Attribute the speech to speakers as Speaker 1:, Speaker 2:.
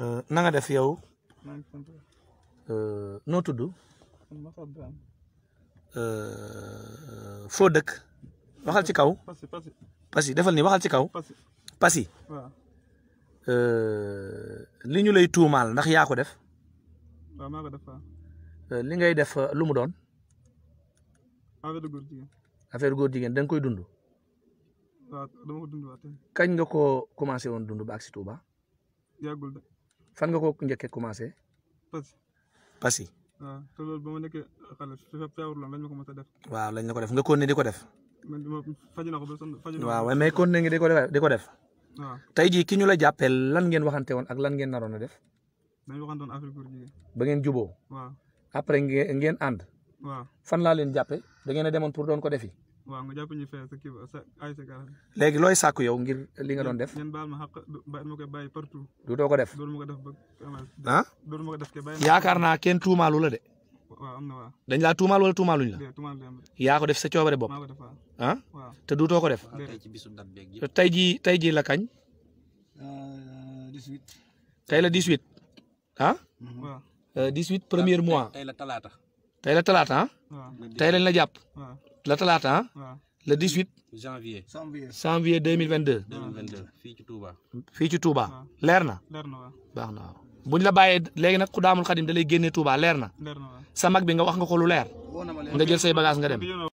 Speaker 1: Euh, na nga def yow euh, noo tudd euh, foo dëkk waxal ci kaw Passy defal ni waxal ci kaw Passy li ñu lay tuumaal ndax yaa ko def li ngay def lu mu doon affaire góor jigéen da nga koy dund nga ko commencé woon dund ba ak fan nga ko njëkkee commencé. Passy. Passy.
Speaker 2: waaw ah, loolu ba ma nekkee xale su fekkee lañ ko mos a def.
Speaker 1: waaw lañ la ko def nga continuer di ko def.
Speaker 2: man ma
Speaker 1: waaw mais kon ne di ko def di ko def. waaw jii ki ñu la jàppee lan ngeen waxante woon ak lan ngeen naroon a def.
Speaker 2: dañu waxante woon affaire
Speaker 1: ba ngeen juboo. waaw après ngeen ngeen ànd. waaw fan laa leen jàppee da ngeen a demoon pour doon ko defi.
Speaker 2: waaw nga jàpp léegi looy sàkku yow ngir li nga doon def.
Speaker 1: ngeen baal ma xaq baal ma ko def doon ma ko def ba. ah
Speaker 2: def yaakaar naa
Speaker 1: kenn tuumaalu la de. waaw am na waaw. dañ la. yaa ko def sa coobare bopp. ah te du too ko def. Ah? tey jii tey jii la kañ. Euh, tey la 18. ah. waaw mm-hmm. 18 euh, premier mois. tey la talaata. tey la talaata ah. tey la jàpp. la talaata ah. le dix huit. janvier janvier deux mille vingt deux. fii ci Touba. fii ci Touba leer na. leer na waaw baax na bu ñu la bàyyee léegi nag ku daamul xadim da lay génnee Touba leer na. sa mag bi nga wax nga ko lu leer. nga jël say bagage nga dem.